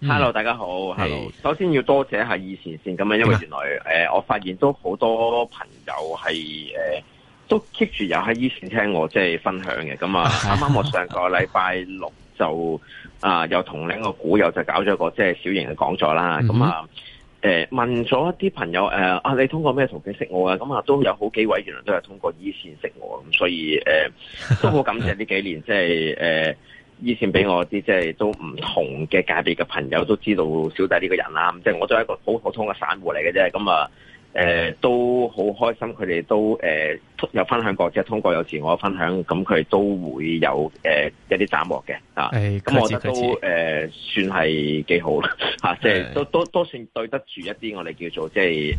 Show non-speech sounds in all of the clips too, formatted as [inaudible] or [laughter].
hello，、嗯、大家好。h e l l o 首先要多謝下醫線先咁樣，因為原來誒、啊呃，我發現都好多朋友係誒、呃、都 keep 住有喺醫線聽我即係分享嘅。咁啊，啱 [laughs] 啱我上個禮拜六就啊、呃，又同另一個股友就搞咗一個即係小型嘅講座啦。咁啊，誒、嗯呃、問咗一啲朋友誒、呃、啊，你通過咩途徑識我啊？咁啊，都有好幾位原來都係通過醫線識我咁，所以誒、呃、都好感謝呢幾年 [laughs] 即係誒。呃以前俾我啲即係都唔同嘅界別嘅朋友都知道小弟呢個人啦，即係我都係一個好普通嘅散戶嚟嘅啫，咁啊。誒、呃，都好開心，佢哋都誒、呃、有分享過，即係通過有自我分享，咁佢都會有誒、呃、一啲斬獲嘅啊。咁、欸、我覺得都誒、呃、算係幾好啦吓、啊，即係都都都算對得住一啲我哋叫做即係誒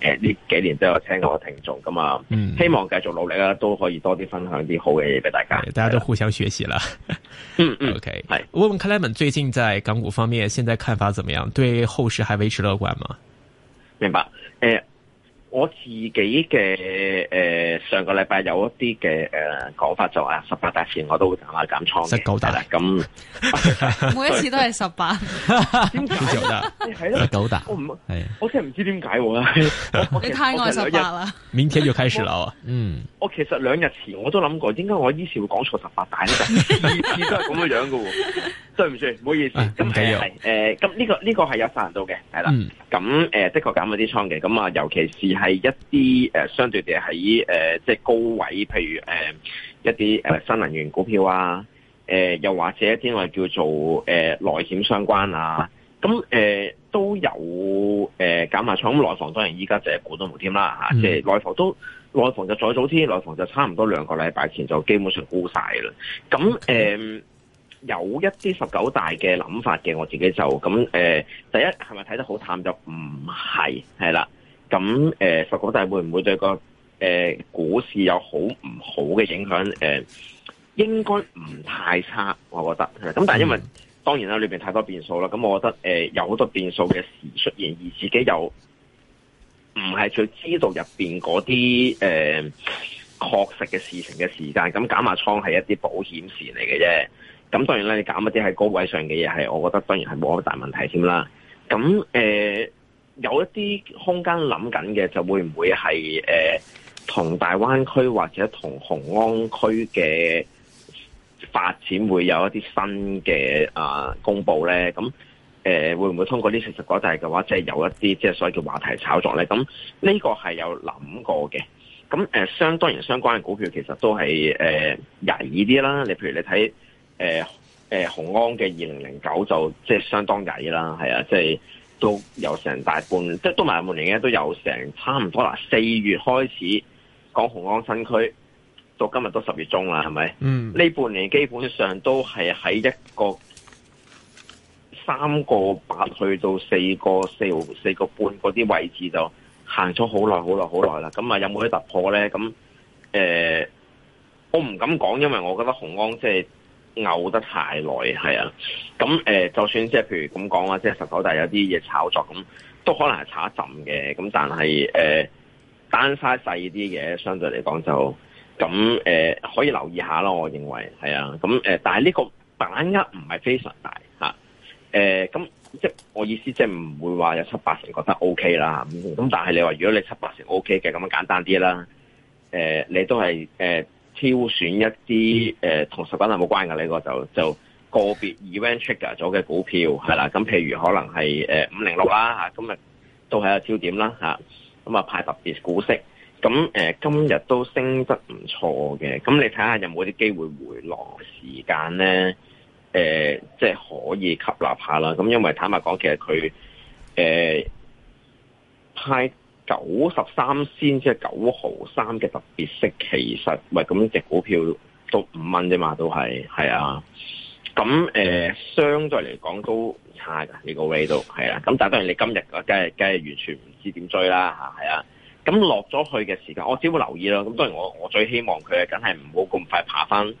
誒呢幾年都有聽過嘅聽眾咁啊、嗯、希望繼續努力啦，都可以多啲分享啲好嘅嘢俾大家。大家都互相學習啦。 [laughs] 嗯嗯。OK，係。問一問克萊門最近在港股方面，現在看法怎麼樣？對後市還維持樂觀嗎？明白，誒、呃，我自己嘅誒、呃、上個禮拜有一啲嘅誒講法就啊、話、十八大前我都會減碼減倉，十九大咁，每一次都係十八，點解？十九大， [laughs] [laughs] 九大 [laughs] 我唔係，我真係唔知點解啦，你太愛十八啦。 [laughs] 明天就開始啦嗯，我其實兩日前我都諗過，點解我以前會講錯十八大咧？依 [laughs] 次都係咁嘅樣噶。對唔住，唔好意思。咁係係，誒，咁呢、呃，這個呢、這個係有殺人刀嘅，係啦。咁、嗯、誒、呃，的確減咗啲倉嘅。咁啊，尤其是係一啲誒、呃、相對地喺誒、呃、即係高位，譬如誒、呃、一啲誒、呃、新能源股票啊，誒、呃、又或者一啲我哋叫做誒內險相關啊。咁、呃、誒都有誒、呃、減埋倉。咁內房當然依家就係股都冇添啦嚇，即係內房都內房就再早啲，內房就差唔多兩個禮拜前就基本上沽晒啦。咁誒。呃有一啲十九大嘅諗法嘅，我自己就咁誒、呃。第一係咪睇得好淡？就唔係係啦。咁誒，十九、呃、大會唔會對個誒、呃、股市有好唔好嘅影響？誒、呃、應該唔太差，我覺得。咁但係因為當然啦，裏邊太多變數啦。咁我覺得誒、呃、有好多變數嘅事出現，而自己又唔係最知道入邊嗰啲誒確實嘅事情嘅時間。咁減壓倉係一啲保險線嚟嘅啫。咁當然咧，你減一啲喺高位上嘅嘢，係我覺得當然係冇乜大問題添啦。咁誒、呃、有一啲空間諗緊嘅，就會唔會係誒同大灣區或者同紅安區嘅發展會有一啲新嘅啊公佈咧？咁誒、呃、會唔會通過啲事實講？但嘅話，即、就、係、是、有一啲即係所謂嘅話題炒作咧？咁呢個係有諗過嘅。咁相、呃、當然相關嘅股票其實都係誒曳啲啦。你譬如你睇。誒、呃、誒、呃，雄安嘅二零零九就即係相當曳啦，係啊，即係都有成大半，即係都埋半年嘅，都有成差唔多啦。四月開始講雄安新區，到今日都十月中啦，係咪？嗯，呢半年基本上都係喺一個三個八去到四個四四個半嗰啲位置就行咗好耐，好耐，好耐啦。咁啊，有冇啲突破咧？咁誒、呃，我唔敢講，因為我覺得雄安即係。拗得太耐，係啊，咁誒、呃，就算即係譬如咁講啊，即係十九大有啲嘢炒作咁，都可能係炒一陣嘅，咁但係誒單晒細啲嘅，相對嚟講就咁誒，可以留意下咯。我認為係啊，咁誒、呃，但係呢個把握唔係非常大，咁即係我意思即係唔會話有七八成覺得 OK 啦，咁、嗯、但係你話如果你七八成 O K 嘅，咁簡單啲啦，誒、呃、你都係誒。呃挑選一啲誒同食品係冇關嘅，呢個就就個別 event trigger 咗嘅股票係啦，咁譬如可能係誒五零六啦嚇，今日都係有焦點啦嚇，咁啊派特別股息，咁、呃、今日都升得唔錯嘅，咁你睇下有冇啲機會回落時間咧？呃，即係可以吸納下啦。咁因為坦白講，其實佢誒、呃、派。九十三先即係九毫三嘅特別息，其實唔係咁隻股票都五蚊啫嘛，都係係啊。咁誒、呃，相對嚟講都唔差噶呢，呢個位度係啊。咁但係當然你今日啊，梗係梗係完全唔知點追啦吓，係啊。咁落咗去嘅時間，我只會留意咯。咁當然我我最希望佢啊，梗係唔好咁快爬翻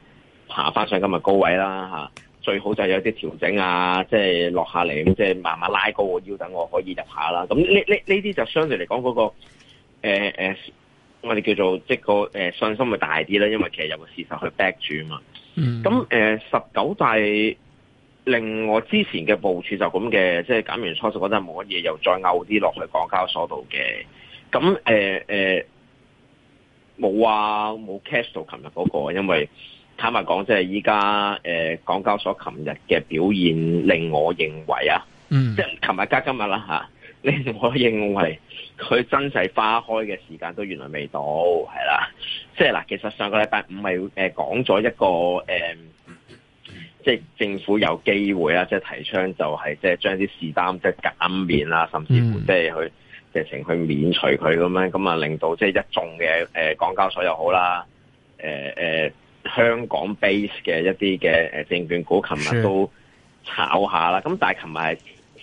爬翻上今日高位啦吓。最好就係有啲調整啊，即係落下嚟咁，即係慢慢拉高我腰，等我可以入下啦。咁呢呢呢啲就相對嚟講嗰個誒誒我哋叫做即係個誒信心會大啲啦，因為其實有個事實去 back 住啊嘛。咁，嗯，誒，十九大令我之前嘅部署就咁嘅，即係減完倉就覺得冇乜嘢，又再 o 啲落去港交所度嘅。咁誒冇啊，冇 cast 到琴日嗰個，因為。坦白講，即係依家誒港交所琴日嘅表現令我認為啊，即係琴日加今日啦嚇，令我認為佢、嗯啊、真係花開嘅時間都原來未到，係啦，即係嗱，其實上個禮拜五咪誒講咗一個誒、呃，即係政府有機會啊，即係提倡就係、是、即係將啲事擔即係減免啦，甚至乎即係去直程去免除佢咁樣，咁啊令到即係一眾嘅誒、呃、港交所又好啦，誒、呃、誒。呃香港 base 嘅一啲嘅誒證券股，琴日都炒一下啦。咁但係琴日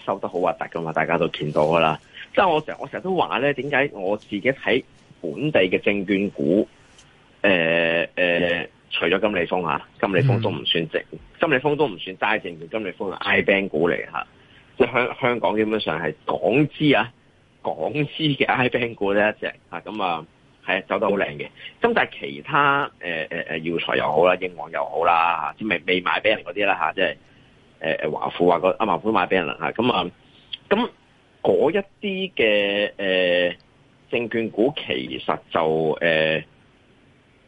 收得好核突噶嘛？大家都見到噶啦。即係我成我成日都話咧，點解我自己睇本地嘅證券股？誒、呃、誒、呃，除咗金利豐吓，金利豐都唔算值，嗯，金利豐都唔算大證券，金利豐係 I Bank 股嚟吓。即係香香港基本上係港資啊，港資嘅 I Bank 股呢，一隻啊，咁、嗯、啊。係啊，走得好靚嘅。咁但係其他誒誒誒耀才又好啦，英皇又好啦，即係未買俾人嗰啲啦吓，即係誒誒華富啊阿華富買俾人啦吓，咁啊，咁嗰一啲嘅誒證券股其實就誒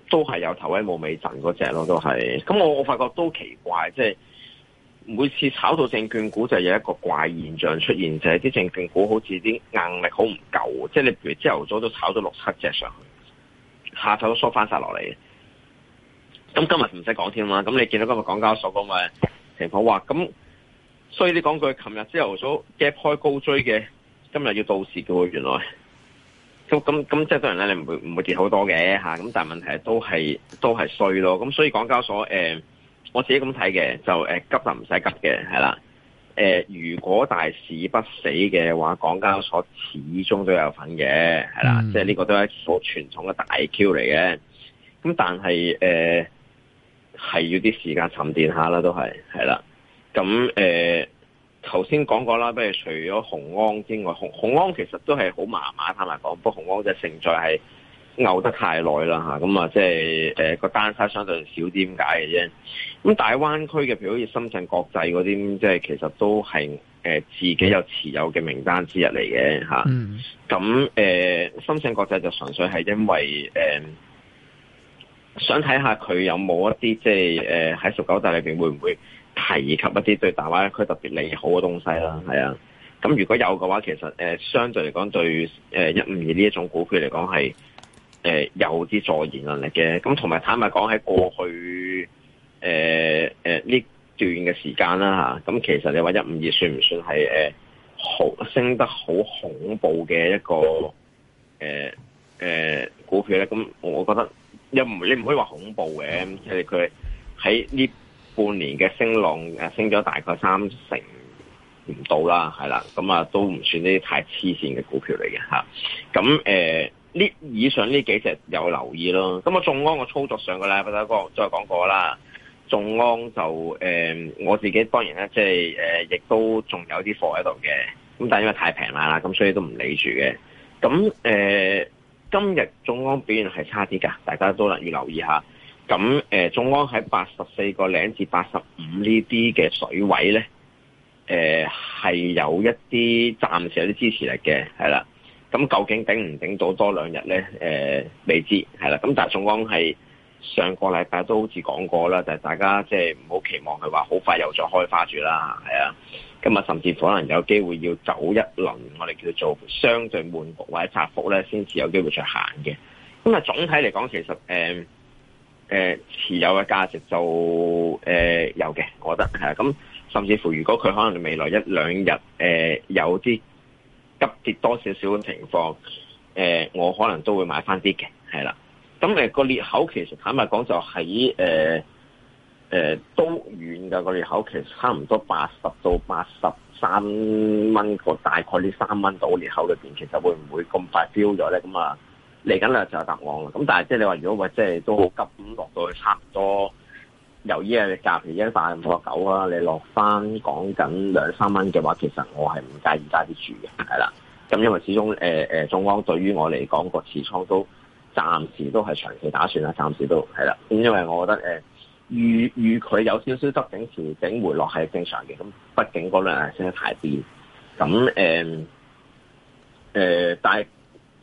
都係有頭威冇尾陣嗰隻咯，都係，咁我我發覺都奇怪，即係。每次炒到證券股就有一個怪現象出現，就係、是、啲證券股好似啲硬力好唔夠，即係你譬如朝頭早都炒到六七隻上去，下晝縮翻曬落嚟。咁今日唔使講添啦，咁你見到今日港交所個咪情況哇，咁所以你講句，琴日朝頭早 gap 開高追嘅，今日要倒市嘅喎，原來。咁咁咁即係多人咧，你唔會唔會跌好多嘅吓？咁但係問題都係都係衰咯。咁所以港交所、呃我自己咁睇嘅就誒急就唔使急嘅，係啦。誒、呃、如果大市不死嘅話，港交所始終都有份嘅，係啦、嗯。即係呢個都係一個傳統嘅大 Q 嚟嘅。咁但係誒係要啲時間沉澱下啦，都係係啦。咁誒頭先講過啦，不如除咗洪安之外，洪洪安其實都係好麻麻坦白講，不過洪安就勝在係。拗得太耐啦嚇，咁啊即係誒個單差相對少啲點解嘅啫？咁大灣區嘅，譬如好似深圳國際嗰啲，即係其實都係、呃、自己有持有嘅名單之一嚟嘅嚇。咁誒深圳國際就純粹係因為、呃、想睇下佢有冇一啲即係誒喺十九大裏邊會唔會提及一啲對大灣區特別利好嘅東西啦？係、嗯、啊，咁如果有嘅話，其實、呃、相對嚟講對誒一五二呢一種股票嚟講係。誒、呃、有啲助言能力嘅，咁同埋坦白講喺過去誒呢、呃呃、段嘅時間啦，咁、嗯、其實你話一五二算唔算係誒好升得好恐怖嘅一個誒誒、呃呃、股票咧？咁、嗯、我覺得又唔你唔可以話恐怖嘅，因為佢喺呢半年嘅升浪、呃、升咗大概三成唔到啦，係啦，咁、嗯、啊、呃、都唔算呢啲太黐線嘅股票嚟嘅吓，咁誒。嗯呃呢以上呢幾隻有留意咯，咁啊眾安個操作上個禮拜我都再講過啦。眾安就誒、呃，我自己當然咧，即係誒，亦、呃、都仲有啲貨喺度嘅，咁但因為太平啦，咁所以都唔理住嘅。咁誒、呃，今日眾安表現係差啲噶，大家都能夠留意一下。咁誒，眾、呃、安喺八十四個零至八十五呢啲嘅水位咧，誒、呃、係有一啲暫時有啲支持力嘅，係啦。咁究竟頂唔頂到多兩日咧？誒、嗯，未知係啦。咁但係總共係上個禮拜都好似講過啦，就係、是、大家即係唔好期望佢話好快又再開花住啦。係啊，今、嗯、日甚至可能有機會要走一輪，我哋叫做相對悶局或者窄幅咧，先至有機會再行嘅。咁、嗯、啊，總體嚟講，其實誒、呃呃、持有嘅價值就誒、呃、有嘅，我覺得係。咁、嗯、甚至乎，如果佢可能未來一兩日誒、呃、有啲，急跌多少少嘅情況，誒、呃、我可能都會買翻啲嘅，係啦。咁、嗯、誒、個裂口其實坦白講就喺誒誒都遠㗎、個裂口，其實差唔多八十到八十三蚊個，大概呢三蚊度裂口裏邊，其實會唔會咁快飆咗咧？咁啊嚟緊啊就有答案啦。咁、嗯、但係即係你話如果話即係都好急咁落到去差唔多。由於你隔籬一百五十九啊，你落翻講緊兩三蚊嘅話，其實我係唔介意加啲住嘅，係啦。咁因為始終誒誒、呃，眾安對於我嚟講個持倉都暫時都係長期打算啦，暫時都係啦。咁因為我覺得誒預預佢有少少得整時整回落係正常嘅，咁畢竟嗰兩日升得太啲。咁誒誒，但係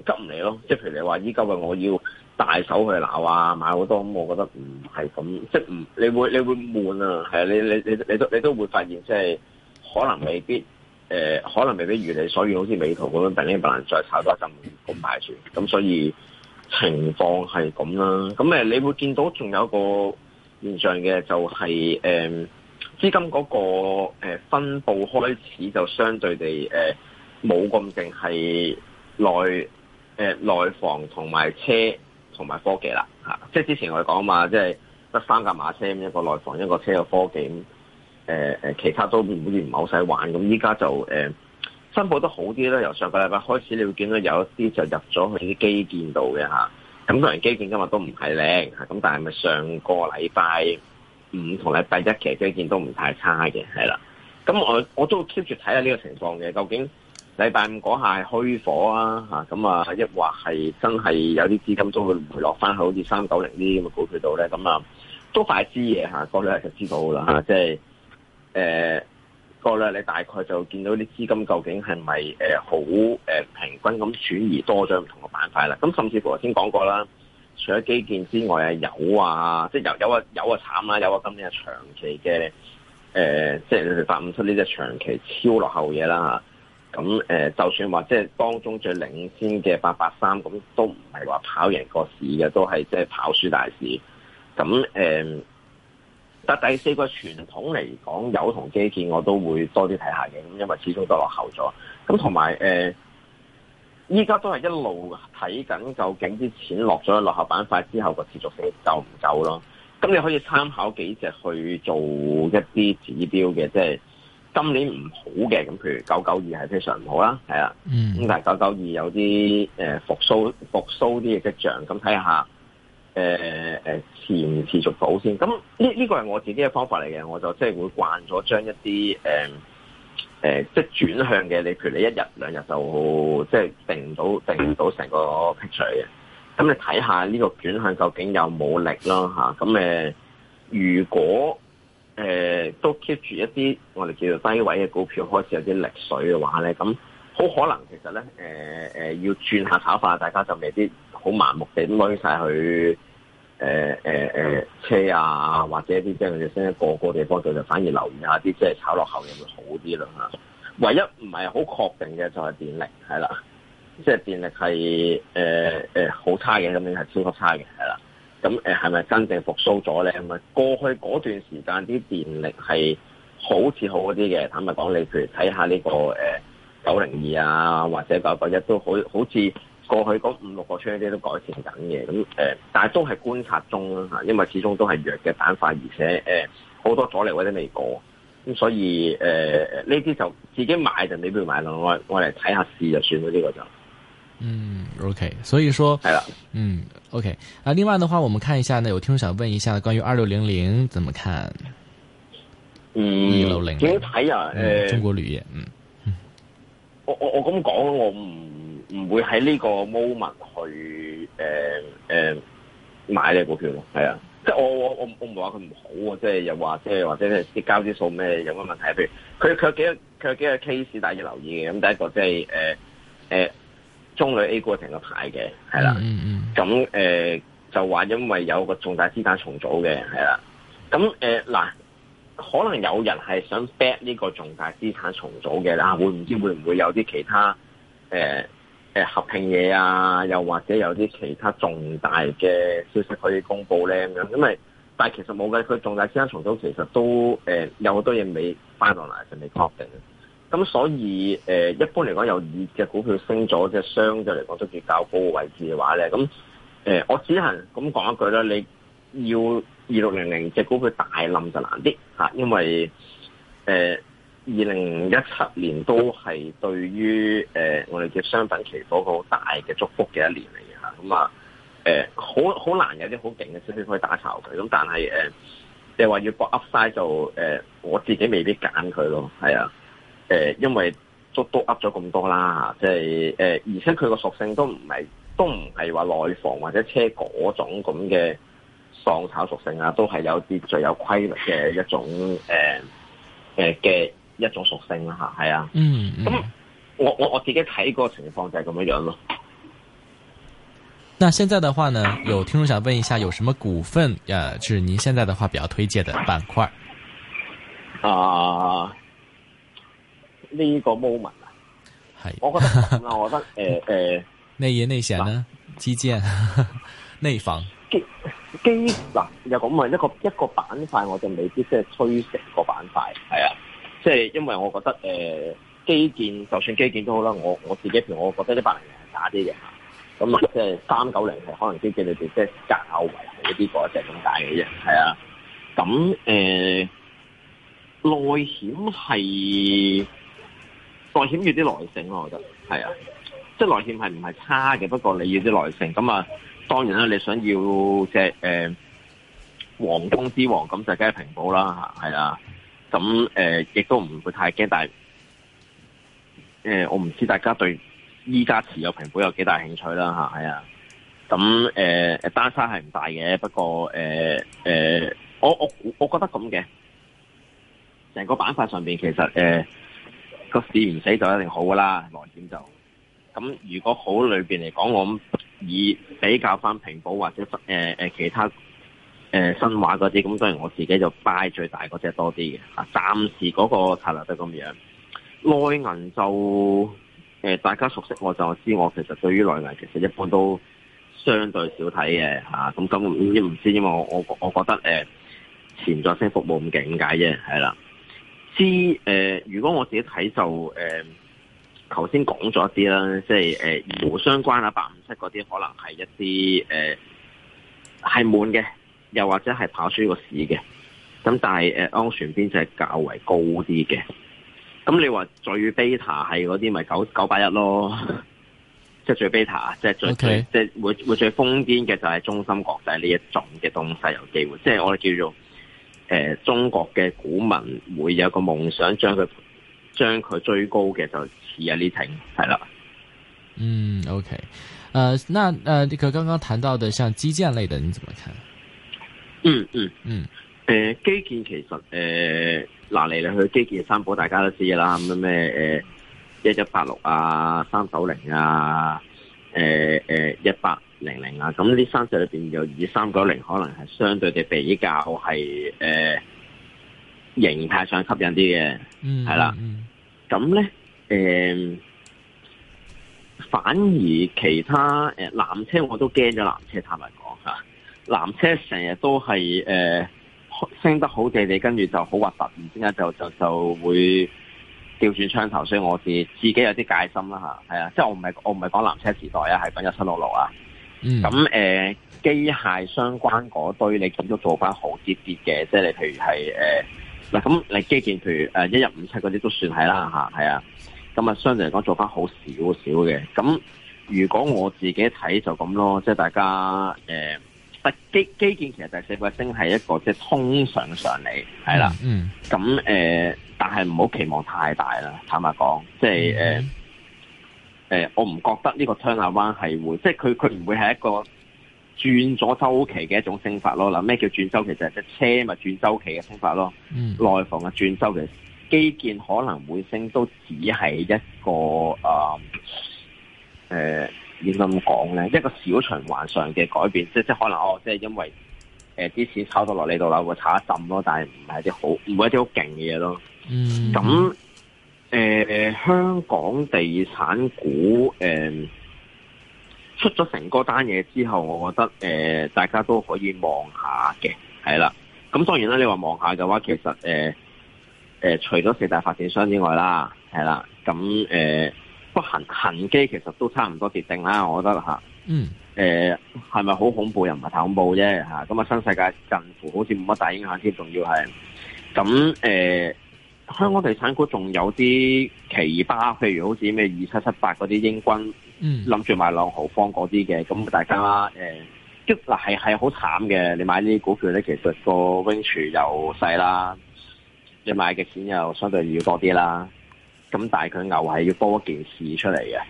急唔嚟咯，即係譬如你話依家話我要。大手去炒啊，買好多咁，嗯，我覺得唔係咁，即係唔你會你會悶啊，係啊，你你你你都你都會發現即係可能未必誒、呃，可能未必如你所願，好似美圖咁樣，嘣嘣能再炒多一陣好賣住咁，所以情況係咁啦。咁你會見到仲有一個現象嘅就係、是、誒、嗯、資金嗰個分佈開始就相對地誒冇咁淨係內、呃、內房同埋車。同埋科技啦，嚇！即係之前我哋講啊嘛，即係得三架馬車，一個內房，一個車嘅科技，咁、呃、誒其他都好似唔係好使玩。咁依家就誒，新、呃、報都好啲啦。由上個禮拜開始，你會見到有一啲就入咗去啲基建度嘅嚇。咁當然基建今日都唔係靚，咁但係咪上個禮拜五同禮拜一嘅基建都唔太差嘅，係啦。咁我我都 keep 住睇下呢個情況嘅，究竟。禮拜五嗰下係虛火啊，咁啊，抑或係真係有啲資金都會回落翻去，好似三九零啲咁嘅股票度咧，咁啊，啊都快知嘢嚇，過兩日就知道啦嚇，即係誒過兩日你大概就見到啲資金究竟係咪、啊、好、啊、平均咁轉移多咗唔同嘅板塊啦。咁、啊、甚至乎頭先講過啦，除咗基建之外油啊，啊，即油油啊，油啊，即係油油啊油啊慘啦，油啊今年係長期嘅、啊、即係你哋發唔出呢隻長期超落後嘢啦咁誒，就算話即係當中最領先嘅八八三，咁都唔係話跑贏個市嘅，都係即係跑輸大市。咁誒、嗯，但第四個傳統嚟講，有同基建我都會多啲睇下嘅，咁因為始終都落後咗。咁同埋誒，依、嗯、家都係一路睇緊究竟啲錢落咗落後板塊之後個持續性夠唔夠咯，咁你可以參考幾隻去做一啲指標嘅，即係。今年唔好嘅，咁譬如九九二係非常唔好啦，係啊，咁、嗯、但係九九二有啲誒、呃、復甦復甦啲嘅跡象，咁睇下誒誒持唔持續到先。咁呢呢個係我自己嘅方法嚟嘅，我就，就、呃呃、即係會慣咗將一啲誒即係轉向嘅，你譬如你一日兩日就即係定唔到定唔到成個 picture 嘅，咁你睇下呢個轉向究竟有冇力咯嚇咁誒，如果，誒、呃、都 keep 住一啲我哋叫做低位嘅股票開始有啲力水嘅話咧，咁好可能其實咧誒、呃呃、要轉下炒法，大家就未必啲好盲目地咁買曬去誒、呃呃、車啊，或者啲即係嘅先，個個地方做就反而留意下啲即係炒落後嘅會好啲啦嚇。唯一唔係好確定嘅就係電力係啦，即係、就是、電力係誒好差嘅，今年係超級差嘅係啦。咁係咪真正復甦咗咧？咁咪過去嗰段時間啲電力係好似好啲嘅，坦白講，你譬如睇下呢個誒九零二啊，或者九九一都好好似過去嗰五六個窗啲都改善緊嘅。咁但係都係觀察中啦吓，因為始終都係弱嘅板塊，而且好多阻力或者未過。咁所以誒呢啲就自己買就未必買啦，我我嚟睇下試就算咗呢、這個就。嗯，OK，所以說係啦，嗯，OK 啊。另外的話，我們看一下呢，有聽眾想問一下關於二六零零怎麼看？二六零零幾好睇啊，誒、嗯呃，中國鋁業，嗯，我我我咁講，我唔唔會喺呢個 moment 去誒誒、呃呃、買呢個股票咯，係啊，即係我我我我唔話佢唔好啊，即係又話即係或者咧啲交啲數咩有乜問題？譬如佢佢有幾佢有幾多個 case 大家留意嘅，咁第一個即係誒誒。呃呃中旅 A 過程嘅牌嘅，係啦，咁誒、呃、就話因為有個重大資產重組嘅，係啦，咁誒嗱，可能有人係想 back 呢個重大資產重組嘅啦，不道會唔知會唔會有啲其他誒誒、呃、合併嘢啊，又或者有啲其他重大嘅消息可以公布咧咁樣，因為但係其實冇計，佢重大資產重組其實都誒、呃、有好多嘢未翻落嚟就未確定。咁、嗯、所以，誒、呃、一般嚟講，有熱嘅股票升咗，嘅、那個、相對嚟講都比較高嘅位置嘅話咧，咁誒、呃，我只能咁講一句啦，你要二六零零隻股票大冧就難啲吓，因為誒二零一七年都係對於誒、呃、我哋嘅商品期貨好大嘅祝福嘅一年嚟嘅吓，咁啊誒好好難有啲好勁嘅消息可以打巢佢咁，但係誒、呃，你話要博 Upside 就誒、呃、我自己未必揀佢咯，係啊。誒，因為都都噏咗咁多啦，即係誒，而且佢個屬性都唔係，都唔係話內房或者車嗰種咁嘅喪炒屬性啊，都係有啲最有規律嘅一種誒誒嘅一種屬性啦、啊、吓，係啊。嗯、咁、嗯、我我我自己睇個情況就係咁樣樣咯。那現在的話呢，有聽眾想問一下，有什麼股份、呃、就是您現在的話比較推薦的板塊？啊。呢、這個 moment 啊，係，我覺得咁啊，我覺得，誒 [laughs] 誒，內業內險咧，基 [laughs] 建、呃， [laughs] 內房，基基嗱，有咁啊，一個一個板塊，我就未必即係推成個板塊，係啊，即、就、係、是、因為我覺得誒，基、呃、建就算基建都好啦，我我自己譬如，我覺得呢百零零打啲嘅，咁啊，即係三九零係可能基建裏邊即係較為好啲個，即係點解嘅啫，係啊，咁誒，內險係。內險要啲耐性咯，我覺得係啊，即係內險係唔係差嘅，不過你要啲耐性咁啊，當然啦，你想要隻誒、呃、王中之王咁就梗係平保啦吓，係啦，咁誒、啊呃、亦都唔會太驚，但係誒、呃、我唔知大家對依家持有平保有幾大興趣啦吓，係啊，咁誒、呃、單差係唔大嘅，不過誒誒、呃呃、我我我覺得咁嘅，成個板塊上面其實誒。呃個市唔死就一定好㗎喇，內險就咁。如果好裏邊嚟講，我以比較返平保或者誒誒、呃、其他誒、呃、新華嗰啲，咁當然我自己就 buy 最大嗰隻多啲嘅吓。暫、啊、時嗰個策略都咁樣。內銀就誒、呃、大家熟悉我就知，我其實對於內銀其實一般都相對少睇嘅吓。咁咁唔知唔知，因為我我我覺得誒潛、呃、在性服務咁勁解啫，係啦。啲、呃、誒，如果我自己睇就誒，頭先講咗啲啦，即係誒無相關啊，八五七嗰啲可能係一啲誒係滿嘅，又或者係跑輸個市嘅。咁但係誒、呃、安全邊就係較為高啲嘅。咁你話最 beta 係嗰啲咪九九八一咯，即係最 beta，即係最、okay。即係會會最瘋癲嘅就係中心國際呢、就是、一種嘅東西有機會，即係我哋叫做。誒、呃，中國嘅股民會有個夢想將，將佢將佢追高嘅就似一啲停係啦。嗯，OK，誒、呃，那誒，呢、呃、個剛剛談到的，像基建類的，你怎麼看？嗯嗯嗯，誒、嗯呃，基建其實誒，嗱嚟嚟去基建三寶，大家都知啦，咁樣咩誒，一一八六啊，三九零啊，誒、呃、誒，一、呃、百。零零啊，咁呢三隻裏邊有二三九零，可能係相對地比較係誒，形態上吸引啲嘅，係、嗯、啦。咁咧誒，反而其他誒、呃、纜車，我都驚咗纜車，坦白講吓，纜車成日都係誒、呃、升得好地地，跟住就好核突，唔知點解，就就就，就會調轉槍頭，所以我自自己有啲戒心啦吓。係啊，即係我唔係我唔係講纜車時代啊，係講一七六六啊。咁、嗯、誒、啊、機械相關嗰堆，你見都做翻好啲啲嘅，即係你譬如係誒嗱，咁、啊啊啊啊、你基建譬如誒一日五七嗰啲都算係啦吓係啊，咁啊，啊，啊相對嚟講做翻好少少嘅。咁、啊、如果我自己睇就咁咯，即係大家誒、啊啊，但基基建其實第四季星係一個即係、就是、通常上嚟係啦，咁誒、啊嗯啊啊，但係唔好期望太大啦，坦白講，即係誒。嗯嗯呃、我唔覺得呢個 turnaround 係會，即係佢佢唔會係一個轉咗周期嘅一種升法咯。嗱，咩叫轉周期？就係、是、車咪轉周期嘅升法咯。內、嗯、房嘅轉周期，基建可能會升，都只係一個啊誒，點咁講咧？一個小循環上嘅改變，即即可能哦，即係因為誒啲、呃、錢炒到落你度啦，會炒一浸咯，但係唔係一啲好唔係一啲好勁嘅嘢咯。嗯，咁。誒、呃、誒，香港地產股誒、呃、出咗成個單嘢之後，我覺得誒、呃，大家都可以望下嘅，係啦。咁當然啦，你話望下嘅話，其實誒誒、呃呃，除咗四大發展商之外啦，係啦，咁、呃、誒、不行，恒基其實都差唔多跌定啦，我覺得吓、啊。嗯。誒、呃，係咪好恐怖又唔係太恐怖啫吓？咁啊，新世界近乎好似冇乜大影響添，仲要係咁誒。啊呃香港地產股仲有啲奇葩，譬如好似咩二七七八嗰啲英軍，諗、嗯、住買朗豪坊嗰啲嘅，咁大家啦，即嗱係係好慘嘅。你買呢啲股票咧，其實個 wind 又細啦，你買嘅錢又相對要多啲啦。咁但係佢牛係要多一件事出嚟嘅，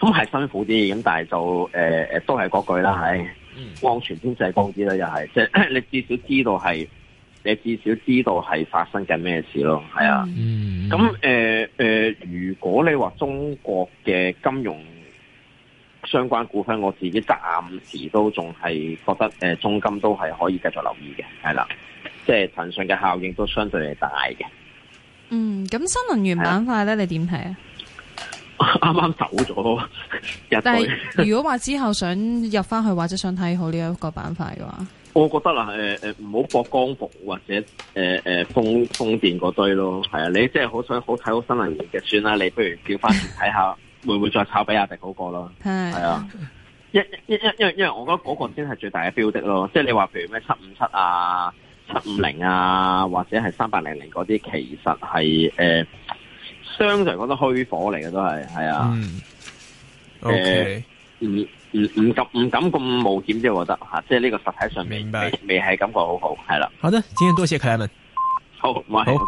咁係辛苦啲。咁但係就誒、呃、都係嗰句啦，係、嗯嗯，望全天際光啲啦，又、就、係、是，即係 [coughs] 你至少知道係。你至少知道係發生緊咩事咯，係啊。咁誒誒，如果你話中國嘅金融相關股份，我自己暫時都仲係覺得誒、呃，中金都係可以繼續留意嘅，係啦。即係騰訊嘅效應都相對係大嘅。嗯，咁新能源板塊咧，的你點睇啊？啱啱走咗入， [laughs] 一代 但係如果話之後想入翻去或者想睇好呢一個板塊嘅話。我覺得啦，誒誒唔好博光伏或者誒誒風風電嗰堆咯，係啊，你即係好想好睇好新能源嘅，算啦，你不如叫翻嚟睇下，會唔會再炒比亞迪嗰個咯？係，啊，一一一，因為因為我覺得嗰個先係最大嘅標的咯，即係你話譬如咩七五七啊、七五零啊，或者係三八零零嗰啲，其實係誒、呃，相對嚟講都虛火嚟嘅都係，係啊。嗯，okay. 呃唔唔唔敢唔敢咁冒險啫，我覺得吓，即係呢個實體上未未係感覺好好，係啦。好的，今天多謝 Kevin。好，我係。